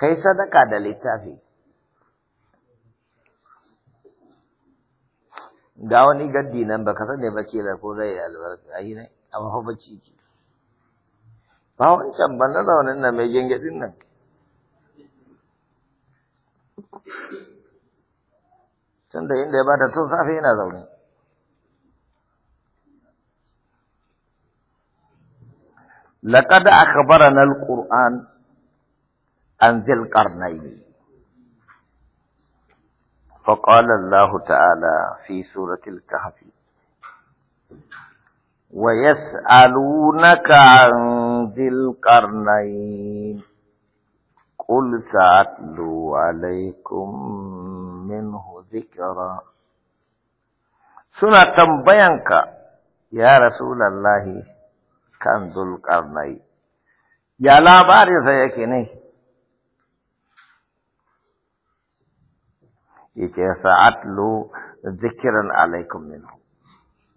kai sadaka da littafi ga wani gaddi nan baka sani ba ce da ko zai albarka yi ne a mahaifaci bacci ki ba wancan ba na zaunin nan mai gengadin nan tunda inda ya bada tun safe yana zaune لقد أخبرنا القرآن عن ذي القرنين فقال الله تعالى في سورة الكهف ويسألونك عن ذي القرنين قل سأتلو عليكم منه ذكرا سنة تنبينك يا رسول الله كان ذو القرنين يا لا بارث يكني yace sa'atlu zikran alaikum minhu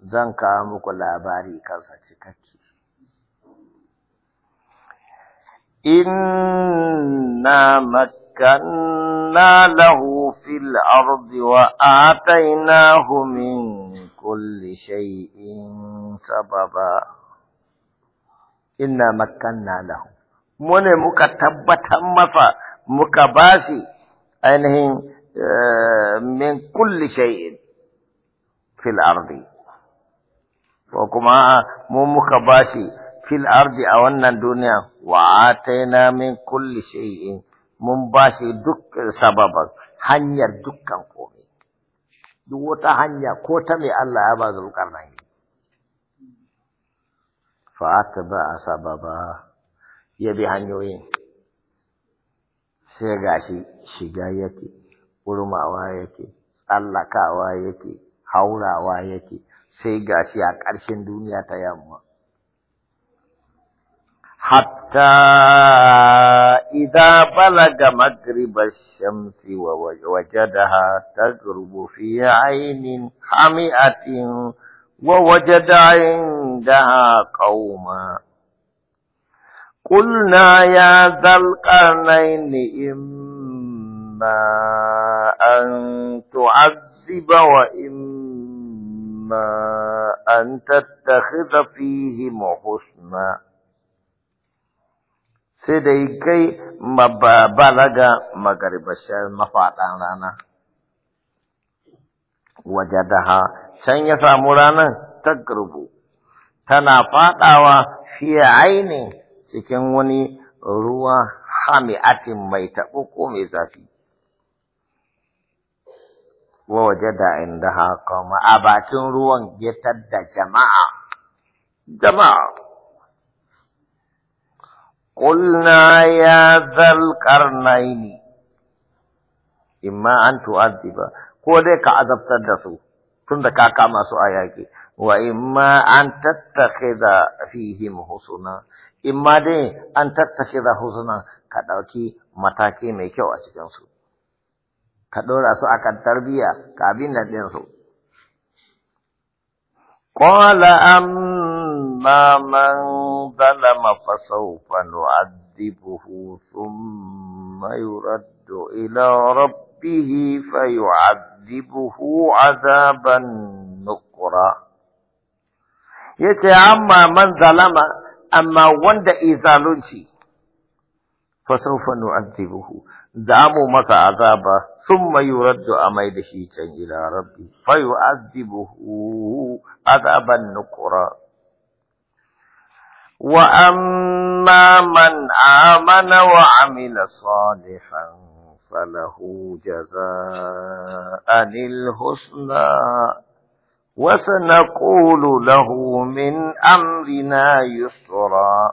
zan kawo muku labari kansa cikakke inna makanna lahu fil ardi wa atainahu min kulli shay'in sababa inna makanna lahu mu ne muka tabbatar masa muka bashi ainihin آه، من كل شيء في الأرض وكما ممكباتي في الأرض أو أن الدنيا وآتينا من كل شيء مباشي دك سببا هنيا دك قومي دوتا هنيا قوتمي الله أباد القرنين فأتبع سببا يبي هنيوين سيغاشي شغايتي gurmawa yake, tsallakawa yake, haurawa yake, sai gashi a ƙarshen duniya ta yamma. Hatta idan balaga magribar shamsi wa waje da ta gurbu fi ainihin hami'atin wa waje da da kauma. ya zalƙar na yin ni’im أن تعذب وإما أن تتخذ فيهم حسنا sai da yi kai balaga magaribashen mafaɗan rana waje da can ya samu ranar ta garbu tana faɗawa fiye aini cikin wani ruwa hami'atin mai taɓo ko mai zafi wa wajada indaha qauma a bakin ruwan ya tadda jama'a jama'a qulna ya zal qarnaini imma an tu'adhiba ko dai ka azabtar da su tunda ka kama su a yaƙi wa imma an tattakhidha fihim husuna imma dai an da husuna ka dauki mataki mai kyau a cikin su ka ɗora su a akan tarbiyya ka abin nan ɗinsu. Ƙwala amma man zalama fasaufa nu'addibuhu thumma yuraddu ila rabbihi fayu'addibuhu azaban Ya ce amma man zalama amma wanda izalunci fasaufa nu'addibuhu za mu masa azaba ثم يرد أميده إلى ربه فيعذبه عذابا نكرا وأما من آمن وعمل صالحا فله جزاء الحسنى وسنقول له من أمرنا يسرا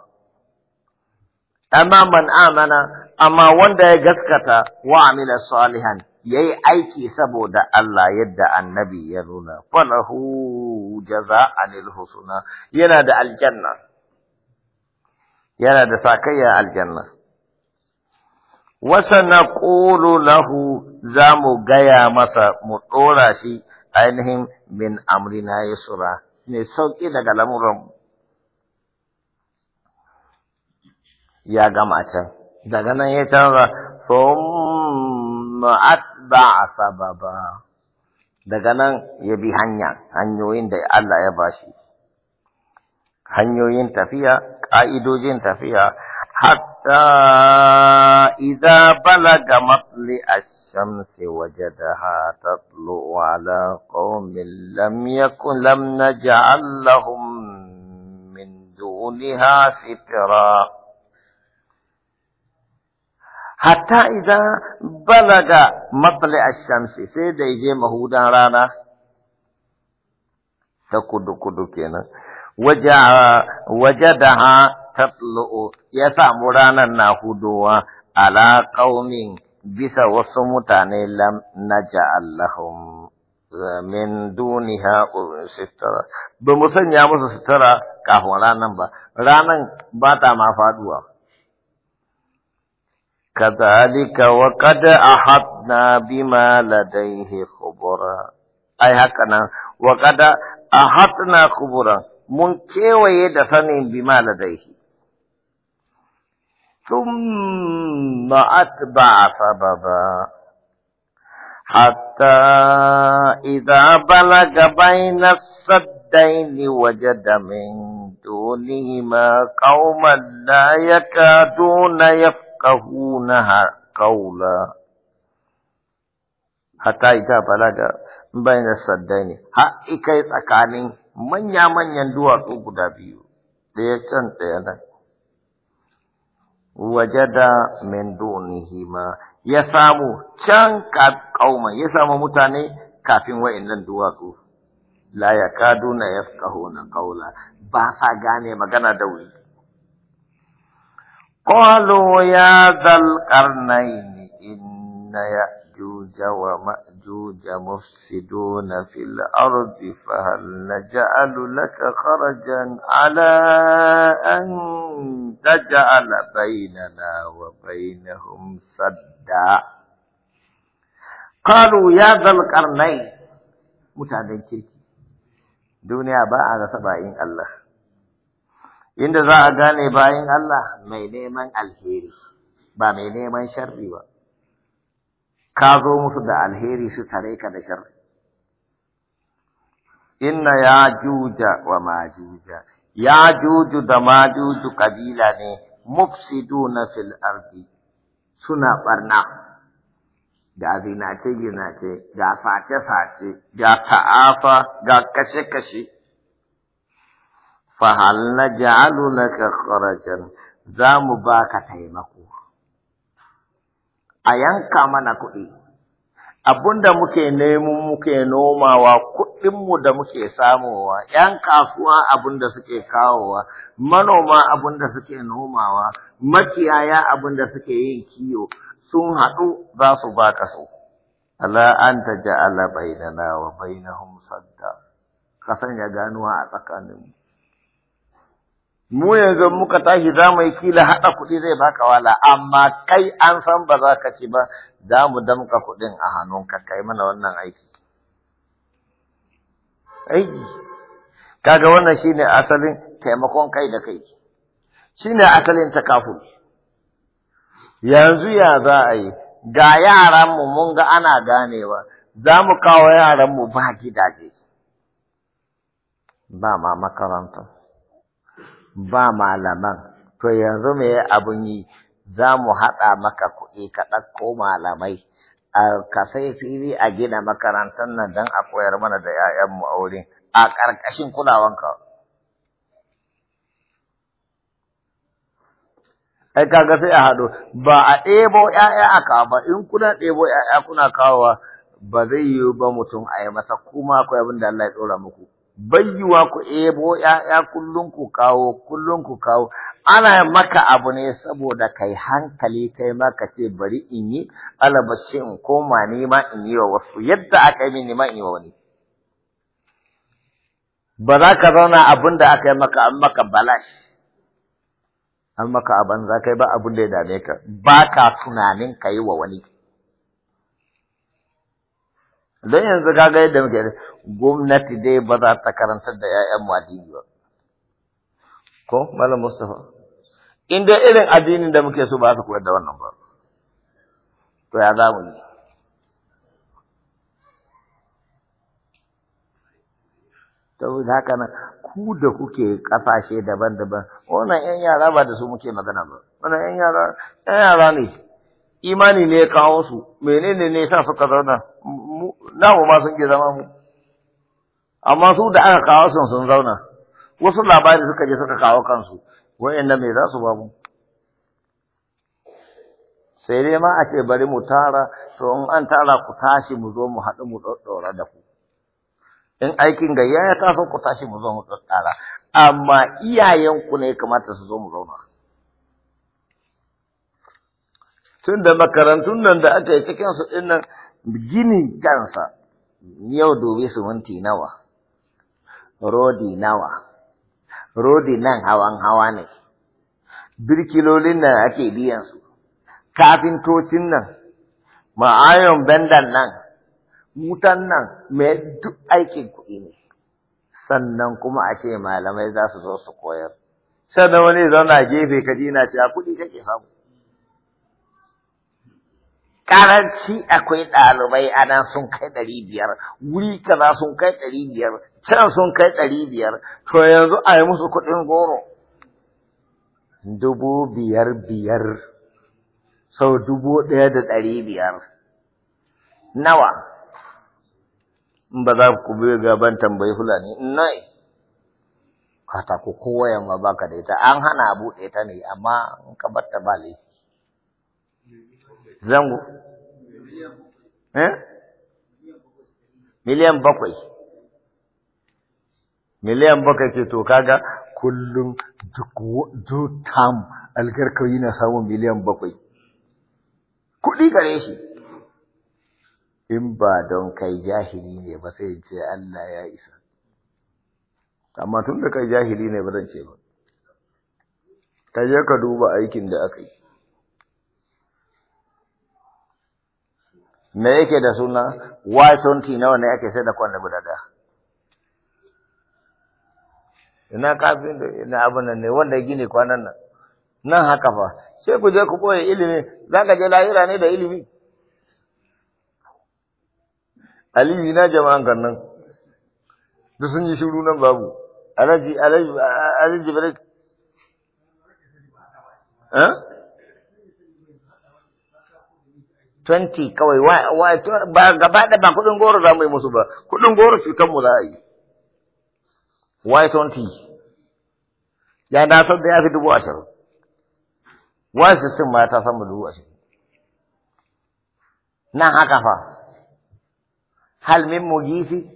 أما من آمن amma wanda ya gaskata wa amila salihan yayi aiki saboda Allah yadda annabi ya nuna falahu jaza'anil husna yana da aljanna yana da sakayya aljanna wa sanaqulu lahu zamu gaya masa mu dora shi ainihin min amrina yusra ne sauki daga lamuran ya gama can اذا كان يتوقع ثم اتبع سببا اذا كان يبي هنيا هنيوين دي الله يباشي هنيوين تفيا قائدوين تفيا حتى اذا بلغ مطلع الشمس وجدها تطلع على قوم لم يكن لم نجعل لهم من دونها سترا hatta idan balaga matsala a shamsi sai da je mahudan rana ta kudu-kudu kenan waje da ha ya samu ranar na hudowa ala ƙaumin bisa wasu mutane lam naja Allahum min duniha sitara ba mu sanya musu sitara kafin ranan ba ranan ba ta ma faduwa كذلك وقد أحطنا بما لديه خبرا أي هكذا وقد أحطنا خبرا من كيوي دسني بما لديه ثم أتبع سببا حتى إذا بلغ بين السدين وجد من دونهما قوما لا يكادون يفقهون yafqahunaha qawla hatta ita da saddai ne. ha ikai tsakanin manya manyan duwatsu guda biyu daya can daya nan wajada min hima. ya samu can ka kauma ya samu mutane kafin wa'annan duwatsu la yakaduna yafqahuna qawla ba sa gane magana da wuri قالوا يا ذا القرنين إن يأجوج ومأجوج مفسدون في الأرض فهل نجعل لك خرجا على أن تجعل بيننا وبينهم سدا قالوا يا ذا القرنين متعدين كيركي دنيا على سبعين الله inda za a gane bayan Allah mai neman alheri ba mai neman sharri ba ka zo musu da alheri su tare ka da sharri inna ya juja wa majuja ya juju da majuju kabila ne mufsiduna fil ardi suna barna ga zinace-zinace, ga face-face, ga ta'afa, ga kashe-kashe. na na لك خرجا za mu ba ka taimako a yanka mana kuɗi abunda muke neman muke nomawa kuɗinmu da muke samowa ‘yan kasuwa abunda suke kawowa manoma abunda suke nomawa makiyaya abunda suke yin kiyo sun haɗu za su ba ka so ala an ta ja'ala bainana wa bainahum sadda ka sanya ganuwa a tsakaninmu mu yanzu muka tashi za mu yi kila haɗa kuɗi zai baka wala amma kai an san ba za ka ci ba za mu damka kuɗin a hannunka kai mana wannan aiki aiki kaga wannan shine asalin taimakon kai da kai Shi ne asalin takaful yanzu ya za a yi ga yaranmu mun ga ana ganewa za mu kawo yaranmu ba gidaje ba ma makaranta ba malaman to yanzu me abun yi za mu haɗa maka kuɗi ka ɗauko malamai ka sai fili a gina makarantar nan don a koyar mana da 'ya'yanmu a wurin a ƙarƙashin kulawanka. ai kaga sai a haɗo ba a ɗebo ‘ya'ya a kawo ba in kuna ɗebo ‘ya'ya kuna kawowa ba zai yiwu ba mutum a yi masa kuma akwai abin da Allah ya ɗora muku. bayyuwa ku ebo ‘ya'ya kullum ku kawo, kullum ku kawo, ana maka abu ne saboda kai hankali kai ma ka ce bari in yi, alabashi in koma nema in yi wa wasu, yadda aka yi nema in yi wa wani. Ba za ka zauna abin da aka yi maka an maka balash, an maka abin za ka yi ba abin da ya dame ka, ba ka tunanin ka yi wa wani. don yanzu kaga yadda muke gwamnati dai ba za ta karantar da ƴaƴan mu addini ba ko malam Mustafa in dai irin addinin da muke so ba su koyar da wannan ba to ya za mu yi saboda haka nan ku da kuke kasashe daban-daban wannan yan yara ba da su muke magana ba wannan yan yara yan yara ne imani ne ya kawo su menene ne sa suka zauna mu namu ma sun ke zama mu amma su da aka kawo sun sun zauna wasu labari suka je suka kawo kansu da me za su ba mu sai dai ma a ce bari mu tara to in an tara ku tashi mu zo mu haɗu mu ɗaura da ku in aikin gayya ya taso ku tashi mu zo mu ɗaɗɗara amma iyayenku ne kamata su zo mu zauna tun da makarantun nan da aka yi cikinsu ɗin nan gini kansa yau dubi minti nawa rodi nawa rodi nan hawan hawa ne birkilolin nan ake biyan su kafintocin nan ma'ayon bendan nan mutan nan mai duk aikin kuɗi ne sannan kuma a ce malamai za su zo su koyar sannan wani zauna gefe kaji na a kuɗi kake samu karanci akwai ɗalibai a nan sun kai ɗari biyar wuri kaza sun kai ɗari biyar can sun kai ɗari biyar to yanzu a yi musu kuɗin goro dubu biyar biyar sau dubu ɗaya da ɗari biyar nawa in ba za ku biyo gaban tambayi fulani nai katako kowa yamma baka da ita an hana abu ɗaya ta ne amma in ka batta ba zango eh? miliyan bakwai miliyan bakwai ce to kaga kullum duk tam algarkau na samun miliyan bakwai kuɗi gare shi in ba don kai jahili ne ba sai ce Allah ya isa amma tun da kai jahili ne ba zan ce ba ka je ka duba aikin da aka yi me yake da suna y20 nawa ne ake sai da kwanne guda da? ina kafin da abin nan ne wanda ya gini kwanan nan nan haka fa sai ku je ku boye ilimi za ka je lahira ne da ilimi aliyu na jama'an gannan? da sun yi shiru nan babu alaji alaji alaji eh twenty kawai wa ba gaba da ba kudin goro za mu yi musu ba kudin goro cutar mu za a yi why twenty ya na san da ya fi dubu ashirin why system ma ta samu dubu ashirin nan haka fa hal min fi.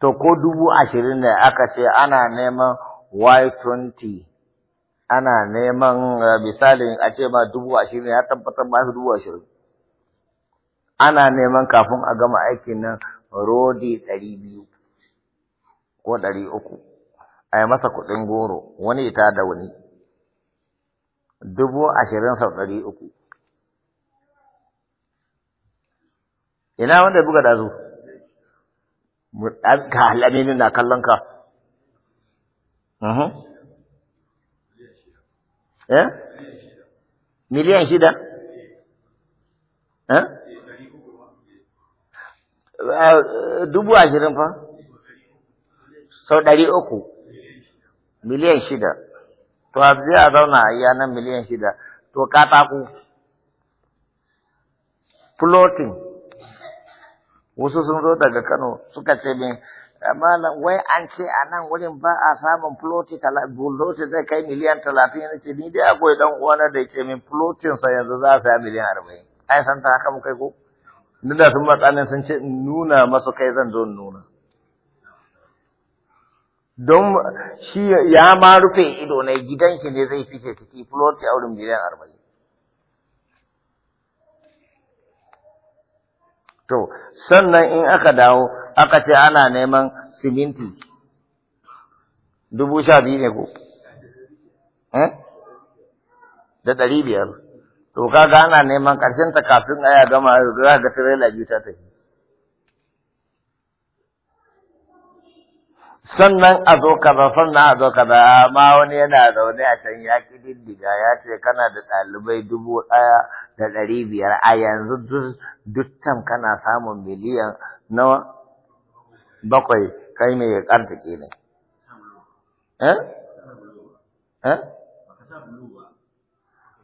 to ko dubu ashirin ne aka ce ana neman y twenty ana neman eh, misalin a ce ma dubu ashirin ya tabbatar ba su dubu ashirin ana neman kafin a gama aikin nan rodi ɗari biyu ko ɗari uku a yi masa kuɗin goro wani ita da wani dubu ashirin sau ɗari uku ina wanda buga da zu Ga halamini na kallon ka mhm. eh miliyan shida eh ah, dubu ashirin fa sau ɗari uku miliyan shida to a zai a zauna a iya nan miliyan shida to katako floating wasu sun zo daga kano suka ce min malam wai an ce a nan wurin ba a samun floti bulldozer zai kai miliyan talatin yana ce ni dai akwai dan uwana da ke min flotin sa yanzu za a miliyan arba'in ai san ta haka kai ko ni da sun matsalin sun ce in nuna masu kai zan zo nuna don shi ya ma rufe ido na gidan shi ne zai fice ciki floti a wurin miliyan arba'in To, sannan in aka dawo, aka ce ana neman siminti, dubu sha biyu ne ko? Eh? Da ɗari biyar. To, kaga ana neman ƙarshen ta kafin aya gama za ga tirela biyu ta tafi. sannan a zo kaza sannan a zo kaza ma wani yana zaune a can ya diddiga ya ce kana da ɗalibai dubu ɗaya da ɗari biyar a yanzu duk can kana samun miliyan na bakwai kai mai arziki ne. Eh? eh?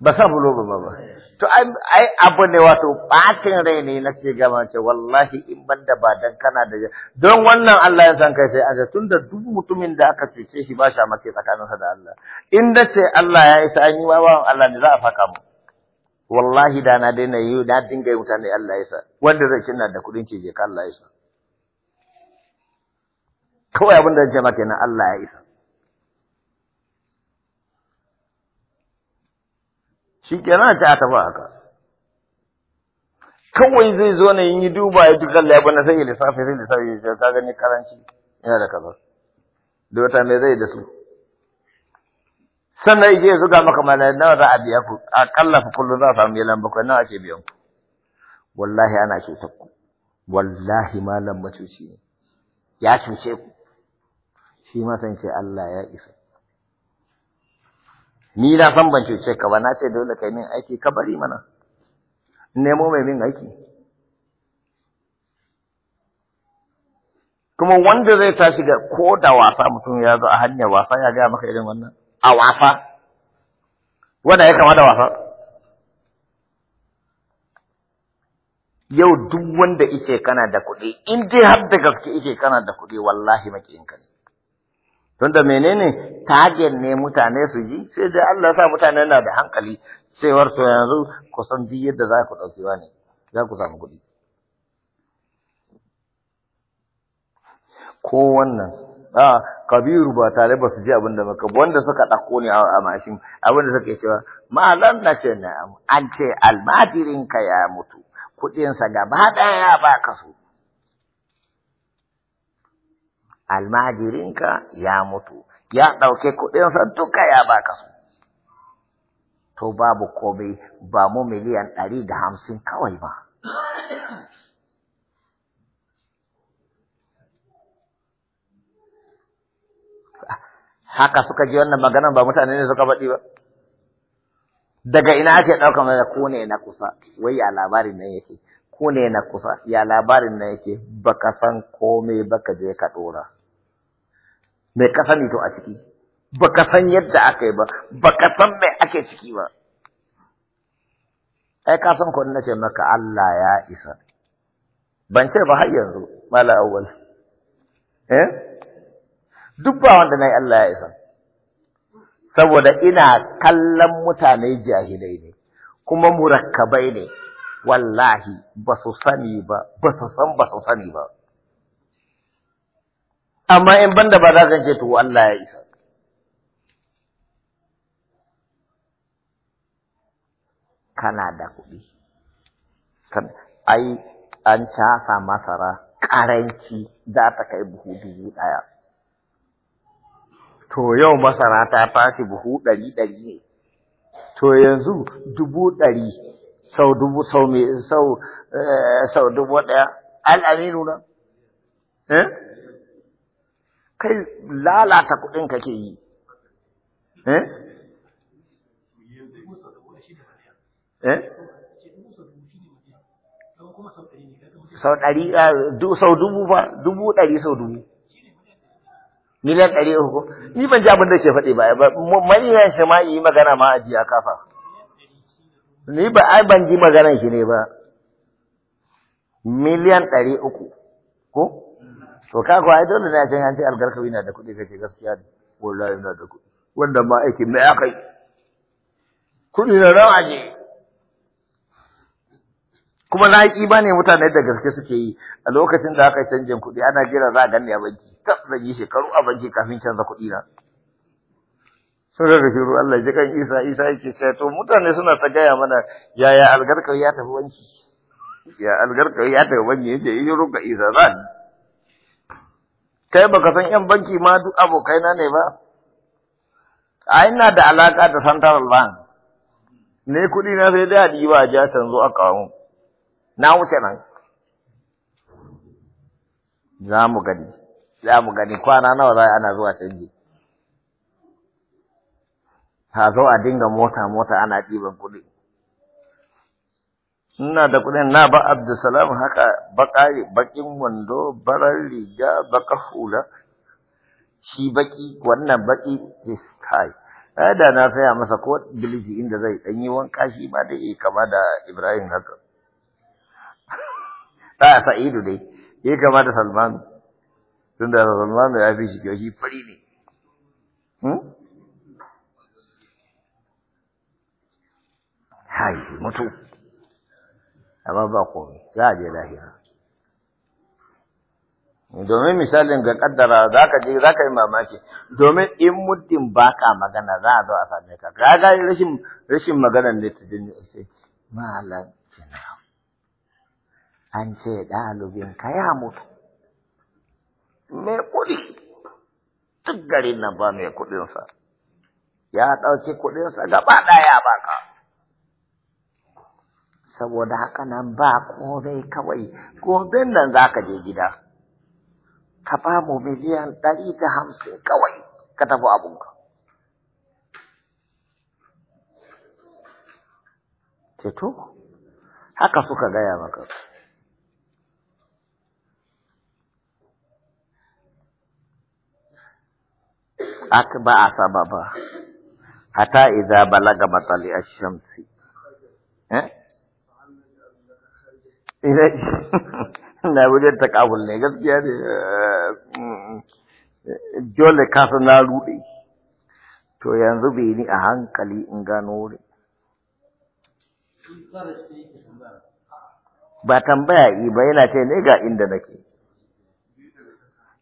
ba sa bulo ba ba to ai abu ne wato bacin rai ne na ce gama ce wallahi in ban da ba dan kana da don wannan Allah ya san kai sai an tun da duk mutumin da aka cuce shi ba sha make sa da Allah in da ce Allah ya isa an yi wawan Allah ne za a faka mu wallahi da na daina yi na dinga yi mutane Allah ya sa wanda zai cinna da kudin ce je ka Allah ya sa kawai abin da zan ce maka kenan Allah ya isa shi kenan ta ta ba haka kawai zai zo ne in yi duba ya ji Allah ya bana sai ya lissafi zai lissafi ya ka gani karanci yana da kaza da wata me zai da su sannan ya zuga maka mana nawa za a biya ku kalla fa kullum za a samu yalan bakwai nawa ake biyan ku wallahi ana cutar ku wallahi malam macuci ne ya cuce ku shi ma san Allah ya isa ni na san ban cuce ka ba na ce dole kai min aiki ka bari mana nemo mai min aiki kuma wanda zai tashi ga ko da wasa mutum ya zo a hanyar wasa ya gaya maka irin wannan a wasa wanda ya kama da wasa yau duk wanda ice kana da kuɗi in dai har da gaske ike kana da kuɗi wallahi maki ka ne Tunda menene target ne mutane su ji sai dai Allah sa mutane na da hankali cewar to yanzu kusan bi yadda za ku ɗauki wani za ku samu kuɗi. Ko wannan a kabiru ba tare ba su ji abin da muka wanda suka ɗauko ne a mashin abin da suka cewa malam na ce na an ce almajirinka ya mutu kuɗinsa gaba ɗaya ba ka so. almajirinka ya mutu ya ɗauke kuɗinsa duka ya baka su to babu komai ba mu miliyan ɗari da hamsin kawai ba haka suka ji wannan maganan ba mutane ne suka faɗi ba daga ina ake ɗaukar da ku ne na kusa wai a labarin nan yake ko ne na kusa ya labarin na yake baka san komai baka je ka dora me ka sani to a ciki baka san yadda aka yi ba baka san me ake ciki ba ai ka san ko nace maka Allah ya isa ban ce ba har yanzu mala awwal eh duk ba wanda nayi Allah ya isa saboda ina kallon mutane jahilai ne kuma murakkabai ne wallahi ba su sani ba ba su san ba su sani ba amma in banda ba za ka ce to Allah ya isa kana da kuɗi ai an casa masara ƙaranci za ta kai buhu dubu ɗaya to yau masara ta tashi buhu ɗari ɗari ne to yanzu dubu ɗari sau dubu sau mai sau eh, sau dubu ɗaya al'aminu na eh kai lalata kuɗin ke yi eh eh sau ɗari eh, sau dubu ba dubu ɗari sau dubu miliyan ɗari uku ni ban ji abin da ke faɗi ba mariyan ya shi ma yi magana ma ajiya kafa Ni ba ai ban ji maganar shi ne ba. Miliyan ɗari uku, ko? To ka kuwa ai dole ne a can an ce algarkawi na da kuɗi kake gaskiya ne. Wallahi na da kuɗi. Wanda ma aiki mai aka yi. Kuɗi na rawa ne. Kuma na yi ne mutane da gaske suke yi a lokacin da aka canjin kuɗi ana jira za a ganni a banki. Tab zan yi shekaru a banki kafin canza kuɗi na. suna da shiru Allah ji kan Isa Isa yake cewa to mutane suna ta gaya mana yaya algarkar ya tafi wanki ya algarkar ya tafi wanki yace yi ruka Isa zan kai baka san yan banki ma duk abokai na ne ba a ina da alaka da Central Bank ne kudi na sai da di ba ja san zo aka mu na wuce nan za mu gani za mu gani kwana nawa za ana zuwa canji ta zo a dinga mota mota ana ɗiban kuɗi ina da kuɗin na ba Abdulsalam haka baƙari baƙin wando barar riga baka hula shi baƙi wannan baƙi is kai da na saya masa ko biliji inda zai ɗan yi wanka shi ma da yi kama da Ibrahim haka ta ido dai yi kama da tun tunda Salmanu ya fi shi kyau shi fari ne hmm? mutu amma ba komai za a je lahira domin misalin ga kaddara za ka je za ka yi mamaki domin in muddin ba ka magana za a zo a same ka ga ga rashin rashin magana ne ta dinga sai malam kina an ce dalibin ka ya mutu mai kuɗi duk garin nan ba mai kuɗinsa ya ɗauki kuɗinsa gaba ɗaya ya baka. saboda haka nan ba komai kawai gobe nan za ka je gida ka ba mu miliyan ɗari da hamsin kawai ka tafi abunka ceto haka suka gaya maka aka ba a saba ba hata idza balaga matali ash-shamsi eh na ta takabul ne gaskiya ne eh, mm, dole kasa na rude to yanzu bai ni a hankali in gano wuri ba tambaya yi ba yana ce ne ga inda nake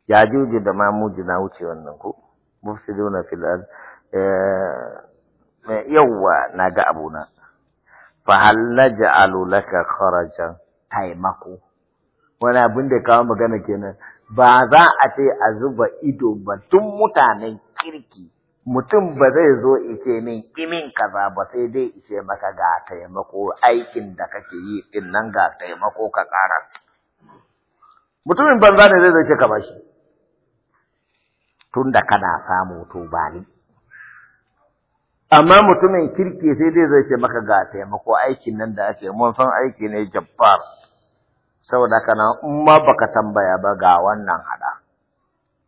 ya juji da mamuji na wuce wannan ko mufsiduna fil ard eh, yawwa ga abuna fa hal naj'alu laka kharajan taimako. Wani abin da kawo magana kenan ba za a ce a zuba ido ba tun mutanen kirki mutum ba zai zo ice min kimin kaza ba sai dai ice maka ga taimako aikin da kake yi din nan ga taimako ka kara. Mutumin banza ne zai zai ka bashi. Tun da kana samu to bani. amma mutumin kirki sai dai zai ce maka ga taimako aikin nan da ake mun san aiki ne jabbar saboda haka na in ma baka tambaya ba ga wannan hada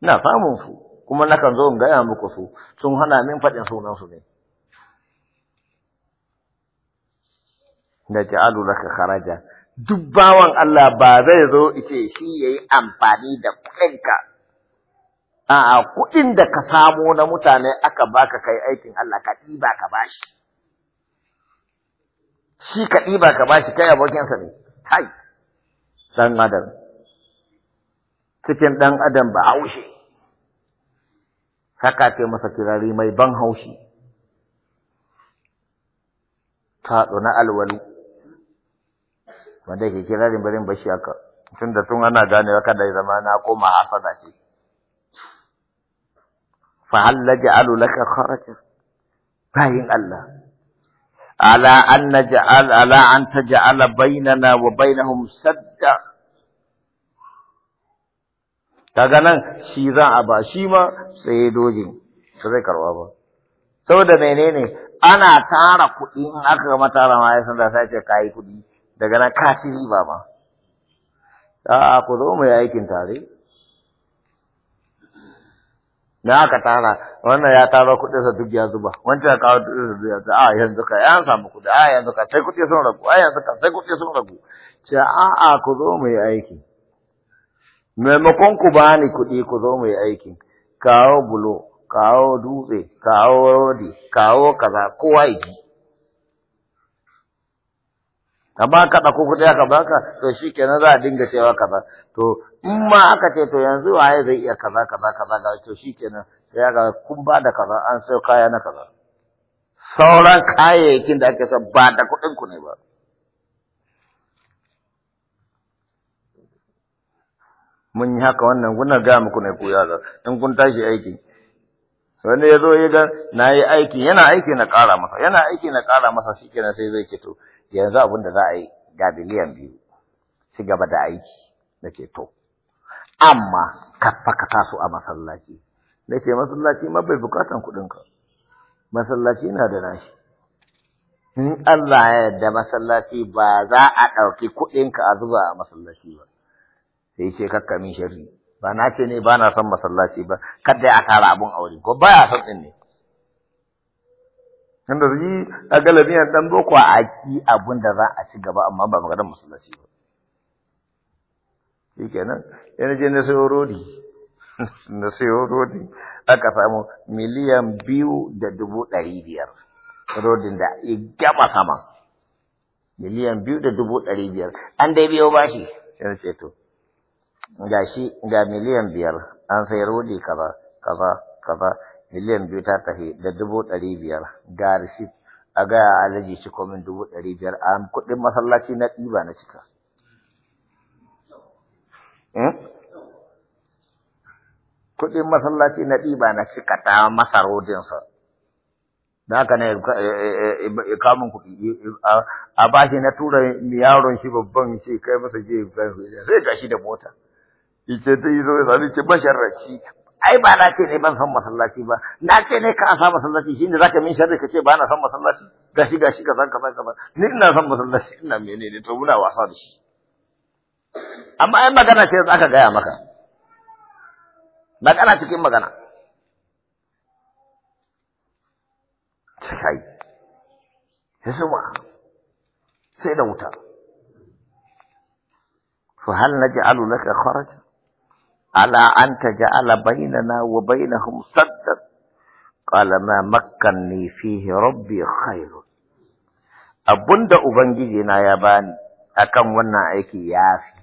ina samun su kuma nakan zo in gaya muku su sun hana min faɗin sunan su ne da ja'alu laka kharaja duk bawan Allah ba zai zo ice shi yayi amfani da kuɗinka a'a kuɗin da ka samu na mutane aka baka kai aikin Allah ka ka bashi shi ka ɗiba ka bashi kai abokinsa ne kai dan adam cikin ɗan adam ba haushi haka ke masa kirari mai ban haushi taɗo na alwalu wanda ke kirarin barin bashi haka tun da tun ana gane kada ya zama na koma hasada ce fa hal laj'alu laka kharaja bayin Allah على أن نجعل على أن تجعل بيننا وبينهم سدا kaga nan shi za a ba shi ma sai dojin ba zai karwa ba saboda menene ana tara kuɗi in aka gama tara ma ya da sai ka yi kuɗi daga nan ka ci riba ma a ku zo mu yi aikin tare na aka tara wannan ya tara kuɗin sa duk ya zuba wancan ya kawo kuɗin sa ya a yanzu ka ya samu kuɗi a yanzu ka sai kuɗi sun ragu a yanzu ka sai kuɗi sun ragu ce a a ku zo mu yi aiki maimakon ku ni kuɗi ku zo mu yi aiki kawo bulo kawo dutse kawo rodi kawo kaza kowa yi ka ba ka ɗauko kuɗi aka baka to shi kenan za a dinga cewa kaza to in ma aka ce to yanzu waye zai iya kaza kaza kaza ga to shi kenan sai ga kun ba da kaza an sayo kaya na kaza sauran kayayyakin da ake son ba da kuɗin ku ne ba mun yi haka wannan kuna gaya muku ne ku yara in kun tashi aiki wani ya zo ya ga na yi aiki yana aiki na ƙara masa yana aiki na ƙara masa shi kenan sai zai ce to yanzu abin da za a yi ga biliyan biyu ci gaba da aiki na ke to amma ka ka taso a masallaci na ce masallaci ma bai bukatan kuɗinka masallaci na da nashi in Allah ya yarda masallaci ba za a ɗauki kuɗinka a zuba a masallaci ba sai ce kakka min ba na ce ne ba na son masallaci ba kada ya tara abun aure ko baya son din ne Tunda yi a yana ɗan boko a ki abin da za a ci gaba amma ba maganar musulunci ba. Shi kenan, yana je na sayo rodi, na sayo rodi aka samu miliyan biyu da dubu ɗari biyar. Rodin da ya gaba sama. Miliyan biyu da dubu ɗari biyar. An dai biyo bashi. shi, yana ce to, ga shi ga miliyan biyar an sai rodi kaza, kaza, kaza. miliyan biyu ta tafi da dubu ɗari biyar ga rishi a gaya alaji shi komin dubu ɗari biyar a kuɗin masallaci na ɗiba na cika. Hmm? Kuɗin masallaci na ɗiba na cika ta masa rodinsa. Da haka ne eh, eh, eh, kamun kuɗi a bashi na tura yaron shi babban shi kai masa je sai gashi da mota. Ice ta yi zo ya sami ce basharraci ai ba na ce ne ban san masallaci ba na ce ne ka san masallaci ne zaka min sharri ka ce ba na san masallaci gashi gashi ka san ka kaza ni ina san masallaci ina menene to muna wasa da shi amma ai magana ce zaka gaya maka magana cikin magana sai sai sai da wuta fa hal naj'alu laka kharaja على أن تجعل بيننا وبينهم سدا قال ما مكني فيه ربي خير abunda ubangiji na ya bani akan wannan aiki ya fi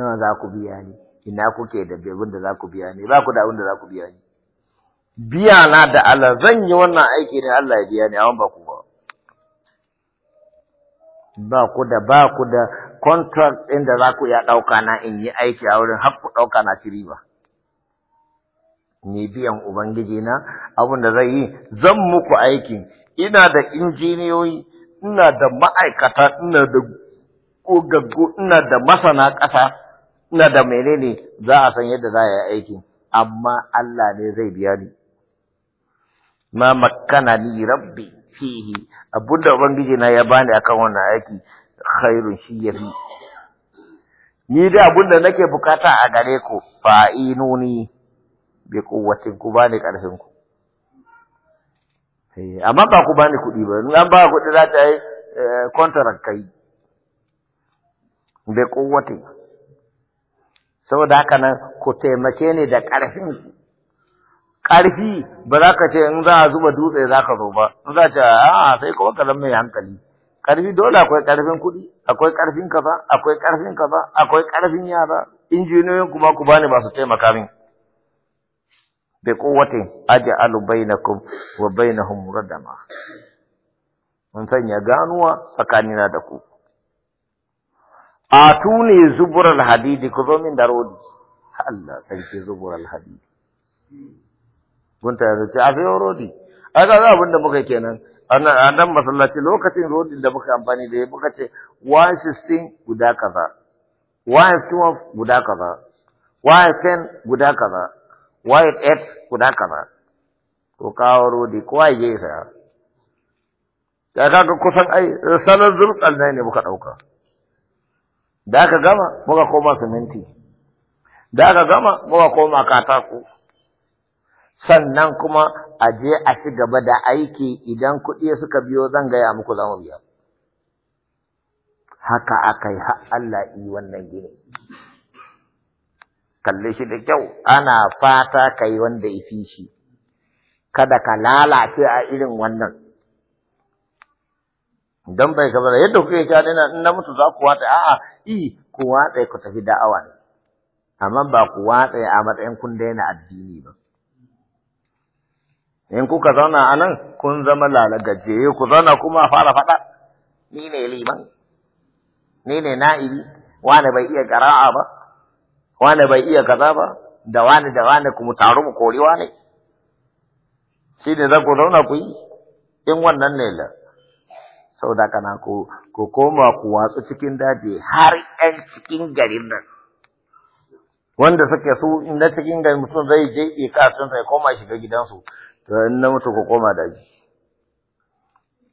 nawa za ku biya ni ina kuke da abin da za ku biya ni ba ku da abin za ku biya ni biya na da Ala zan yi wannan aiki ne Allah ya biya ni amma ba ku ba ba ku da ba ku da contract ɗin da za ku iya ɗauka na in yi aiki a wurin har ku ɗauka na ci riba. Ni biyan Ubangiji na abin da zai yi zan muku aiki ina da injiniyoyi ina da ma'aikata ina da gogaggo ina da masana ƙasa ina da menene za a san yadda za a yi aiki amma Allah ne zai biya ni. Ma makana ni rabbi fihi da Ubangiji na ya bani akan wannan aiki khairun shi fi ni da abin da nake bukata a gare ku fa'inuni bi kuwatin ku bani karfin ku eh amma ba ku bani kuɗi ba in an ba kuɗi za ta yi eh, contract kai bi kuwati saboda haka nan ku taimake ni da karfin ku ƙarfi ba za ka ce in za a zuba dutse za ka zo ba in za a ce a sai kuma ka zama mai hankali ƙarfi dole akwai ƙarfin kuɗi akwai ƙarfin kaza akwai ƙarfin kaza akwai ƙarfin yara injiniyoyin kuma ku bani masu taimaka min bi quwwatin alu bainakum wa bainahum radama mun sanya ganuwa tsakanina da ku tuni zubur hadidi ku zo min da rodi Allah sarki zubur hadidi kun ta ce a sayo rodi A ga abin da muka kenan ana a nan masallaci lokacin rodin da muka amfani da ya muka ce 116 guda kaza 112 guda kaza 110 guda kaza 108 guda kaza to kawo rodi kowa ya yi saya ya kaga kusan ai sanar zurkal ne muka dauka da aka gama muka koma siminti da aka gama muka koma katako sannan kuma a je a ci gaba da aiki idan kuɗi suka biyo zan gaya muku za mu biya. Haka aka yi Allah yi wannan gini. Kalle shi da kyau, ana fata ka yi wanda ya shi, kada ka lalace a irin wannan. Don bai gaba da yadda kuke cewa ina na mutu za ku watsa a'a i ku watsa ku tafi da'awa ne. Amma ba ku watsa a matsayin kun daina addini ba. in kuka zauna a nan kun zama lalagaje ku zauna kuma fara faɗa ni ne liman ni ne na'ibi wani bai iya gara'a ba wani bai iya kaza ba da wani da wani kuma taru mu kori ne? shi ne za ku zauna ku yi in wannan ne la sau da kana ku ku koma ku watsu cikin daji har 'yan cikin garin nan wanda suke su na cikin garin mutum zai je sun sai koma shiga gidansu to in na mutu ku koma daji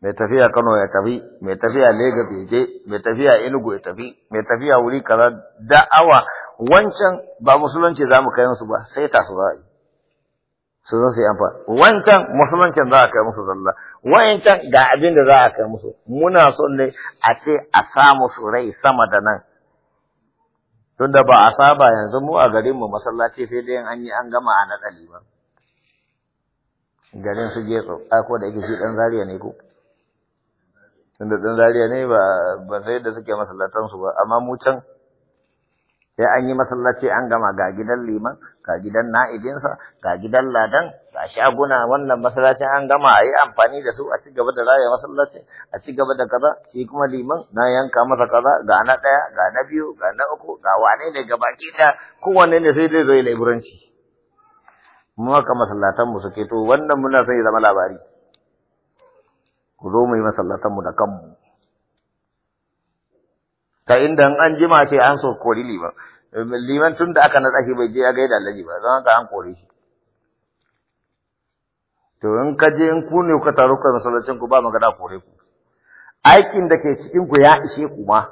mai tafiya Kano ya tafi mai tafiya Lagos ya je mai tafiya Enugu ya tafi mai tafiya wuri kaza da'awa wancan ba musulunci za mu kai musu ba sai ta su zai su zo su yi wancan musulunci za a kai musu zalla wancan ga abin da za a kai musu muna son ne a ce a samu su rai sama da nan tunda ba a saba yanzu mu a garin mu masallaci sai dai an yi an gama a naɗali ba garin su je tsotsa ah, ko da yake shi dan zariya ne ko tunda dan zariya ne ba ba sai da suke masallatan su ba amma mu can sai an yi masallaci an gama ga gidan liman ga gidan sa ga gidan ladan ga shaguna wannan masallaci an gama ayi yi amfani da su a ci gaba da raya masallaci a ci gaba da kaza shi kuma liman na yanka masa kaza ga na daya ga na biyu ga na uku ga wane ne gabaki da kowanne ne sai dai zai laiburanci mu haka masallatan mu suke to wannan muna son ya zama labari ku zo mu yi masallatan mu da kanmu ta inda an jima ce an so kori liman liman tun da aka na tsaki bai je ya gaida alhaji ba zan haka an kore shi to in ka je in ku ne kuka taro ku masallacin ku ba magana kore ku aikin da ke cikin ku ya ishe ku ma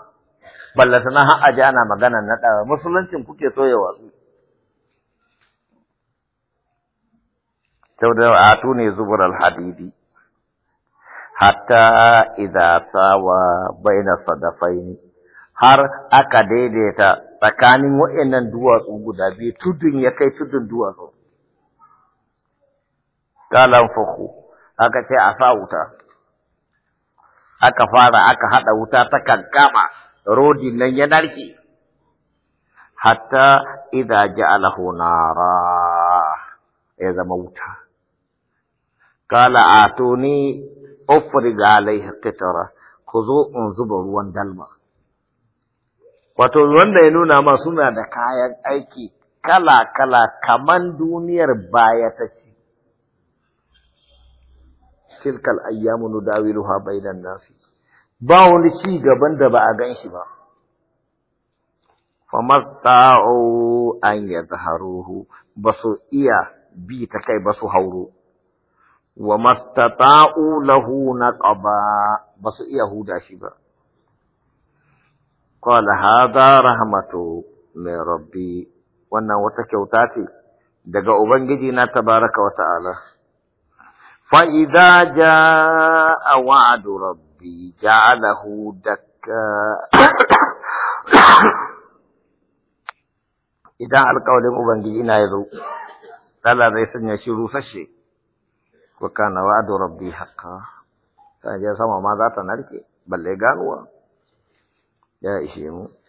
ballatana har aje ana magana na musulunci kuke so ya watsu saboda atu ne zubur alhadidi hatta idza sawa baina har aka daidaita tsakanin waɗannan duwatsu guda biyu tudun ya kai tudun duwatsu kalan fuku aka ce a sa wuta aka fara aka haɗa wuta ta kankama rodin nan ya narke hatta idza ja'alahu nara ya zama wuta kala atuni ufrid alaiha qitara ku zo in zuba ruwan dalma wato wanda ya nuna ma suna da kayan aiki kala kala kaman duniyar baya ta ce tilkal ayyamu nudawiluha bainan nasi ba wani ci gaban da ba a gan shi ba famasta'u an yadharuhu basu iya bi ta kai basu hauro wa mastata'u lahu naqaba su iya huda shi ba qala hadha rahmatu min rabbi wannan wata kyauta ce daga ubangiji na tabaraka wa ta'ala fa idza jaa wa'du rabbi ja'alahu dakka idan alƙawarin ubangiji na yazo Allah zai sanya shi rusashe wa kana wa'du rabbi haqqan sai sama ma za ta narke balle ganuwa ya ishe mu